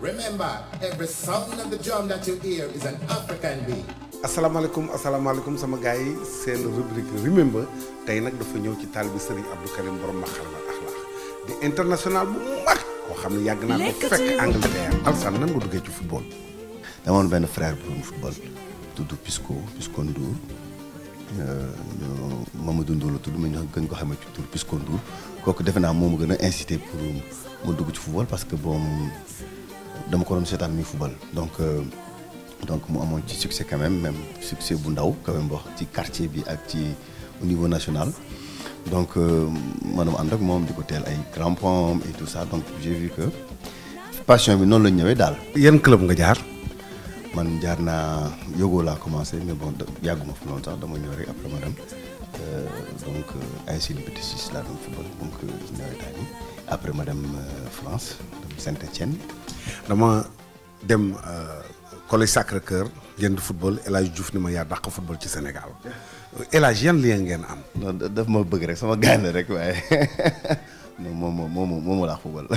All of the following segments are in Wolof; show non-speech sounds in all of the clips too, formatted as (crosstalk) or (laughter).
Remember, every sound of the drum that you hear is asalaamaaleykum sama gars yi seen rubrique Remember tey nag dafa ñëw ci taal bi Serigne Abdou Karim borom maxal la axlaax di bu mag koo xam ne yàgg naa ko fekk Angleterre alsan nan nga duggee ci football. dama woon benn frère bu football tudd Pisco Pisco Ndour euh, Mamadou Ndour la tudd ma ñu gën ko xamee ci tur Pisco Ndour kooku defe naa moom gën a incité pour mu dugg ci football parce que bon. dama ko doon seetaan muy football donc euh, donc mu amoon ci succès quand même même succès bu ndaw quand même ci quartier bi ak ci au niveau national donc euh, maanaam ànd ak moom di ko teel ay crampons et tout ça donc j'ai vu que passion bi noonu la ñëwee daal. yan club nga jaar. man jaar naa yogoo laa commencé mais bon yàgguma fa noonu sax dama ñëw rek après ma euh, donc ASC Liberté 6 laa ma dem France. Saint-Étienne dama dem euh, collège Sacré-Cœur jënd football El Hadj ni ma yaa dàq football ci Sénégal El Hadj yan lien ngeen am. non daf ma bëgg rek sama gaynde rek waaye non (laughs) moom moom moom moo laa football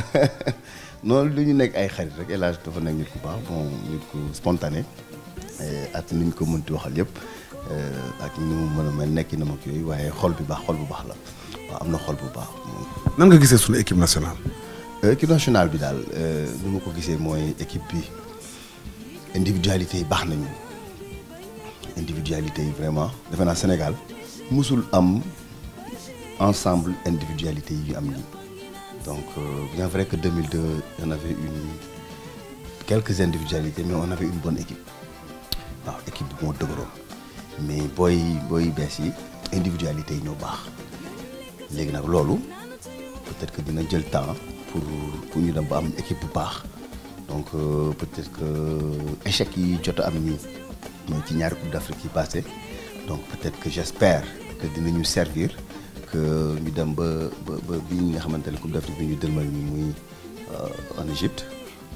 (laughs) noonu lu ñu nekk ay xarit rek El Hadj dafa nekk nit ku baax bon nit ñu eh, ko mënti waxal yëpp eh, ak ni mu mën nekki na ma ak yooyu waaye xol bi baax xol bu baax la waaw am na xol bu baax. nan nga gisee sunu équipe nationale. Euh, équipe nationale bi daal euh, nu ma ko gisee mooy équipe bi individualité yi baax nañu individualité yi vraiment defe naa Sénégal mosul am ensemble individualité yi am nii donc euh, bien vrai que 2002 on avait une quelques individualités mais on avait une bonne équipe waaw équipe bi moo dëgëroon mais booy booy bees yi individualité yi ñoo baax léegi nag loolu peut-être que dina jël temps. pour pour ñu dem ba am équipe bu baax donc euh, peut-être que euh, échec yi jot am nii mooy ci ñaari coupe d'Afrique yi passé donc peut-être que j'espère que dinañu servir que ñu dem ba ba ba bii nga xamante ne coupe d'Afrique bi ñu dëlmal ni muy euh, en Égypte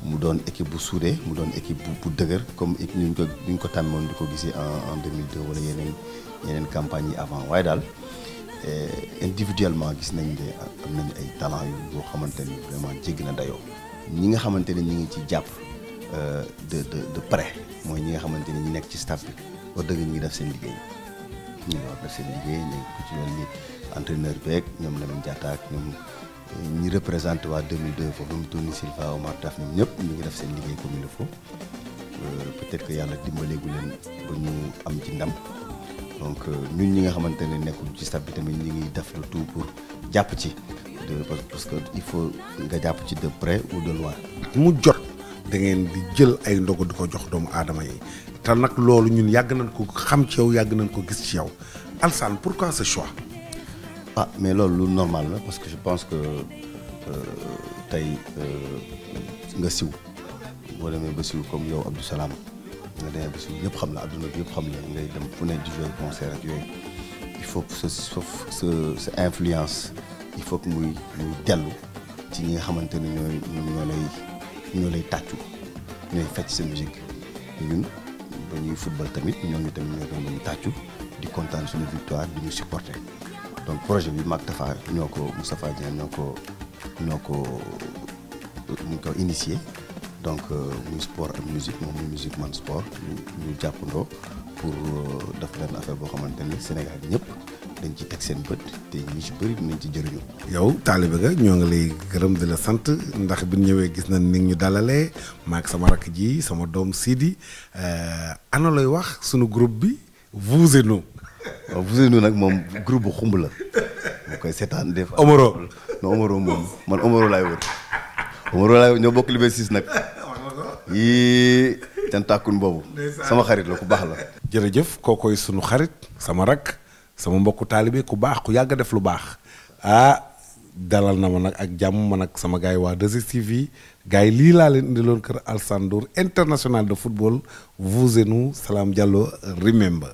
mu doon équipe bu soudée mu doon équipe bu dëgër comme ni ñu ko ni ñu ko tàmmoon di ko gisee en en 2002 wala yeneen yeneen campagne yi avant waaye daal. Euh, individuellement gis nañ ne am nañ ay talent yoo xamante ni vraiment jéggi na dayoo ñi nga xamante ne ñi ngi ci jàpp euh, de de de mooy ñi nga xamante ni ñi nekk ci staff bi wax dëgg ñu ngi def seen liggéey ñu ngi def seen liggéey ñu ñoom Lamine Diatta ak euh, waa 2002 foofu mu Tony ñëpp ñu ngi def seen liggéey yàlla dimbaleegu leen ba ñu am ci ndam donc euh, ñun ñi nga xamante ne nekkul ci stade bi tamit ñi ngi def la tout pour jàpp ci parce que il faut nga jàpp ci de près ou de loin. mu jot da ngeen di jël ay ndogu du ko jox doomu aadama yi te nag loolu ñun yàgg nañ ko xam ci yow yàgg nañ ko gis ci yow pour pourquoi ce choix. ah mais loolu lu normal la parce que je pense que euh, tey euh, nga siw boo demee ba siw comme yow Abdou Salam. nga demee ba si yëpp xam la adduna bi yëpp xam la ngay dem fu ne di jouer concert ak yooyu il faut que sa sa sa influence il faut que muy dellu ci ñi nga xamante ne ñoo lay lay tàccu ñooy fecc sa musique ñun ba ñuy football tamit ñoom tamit ñoo ñu tàccu di kontaan suñu victoire donc projet bi mag Tafa ñoo ko Moustapha Diagne ko ñoo ñu ko initié. donc euh, muy sport ak musique moom muy musique man sport ñu ñu jàppandoo pour euh, def benn affaire boo xamante ni Sénégal ñëpp dañ ci teg seen bët te ñu ci bëri dinañ ci jëriñu. yow taalibe nga ñoo ngi lay gërëm di la sant ndax bi ñëwee gis na ni ñu dalalee maak sama rakk ji sama doom Sidi euh, ana lay wax sunu groupe bi vous et nous. waaw nag moom groupe bu xumb la. mu (laughs) koy seetaan def. Omoro non Omoro moom man Omoro laay wër. Omaro laay ñoo bokk Liberté 6 nag (laughs) yii cantaakun boobu sama xarit la ku baax la. jërëjëf kookoy sunu xarit sama rak sama mbokku taalibe ku baax ku yàgg def lu baax ah dalal na ma nag ak jàmm ma nag sama gaay yi waa 2STV yi gars yi lii laa leen indiloon kër Alassane Ndour international de football vous et nous remember.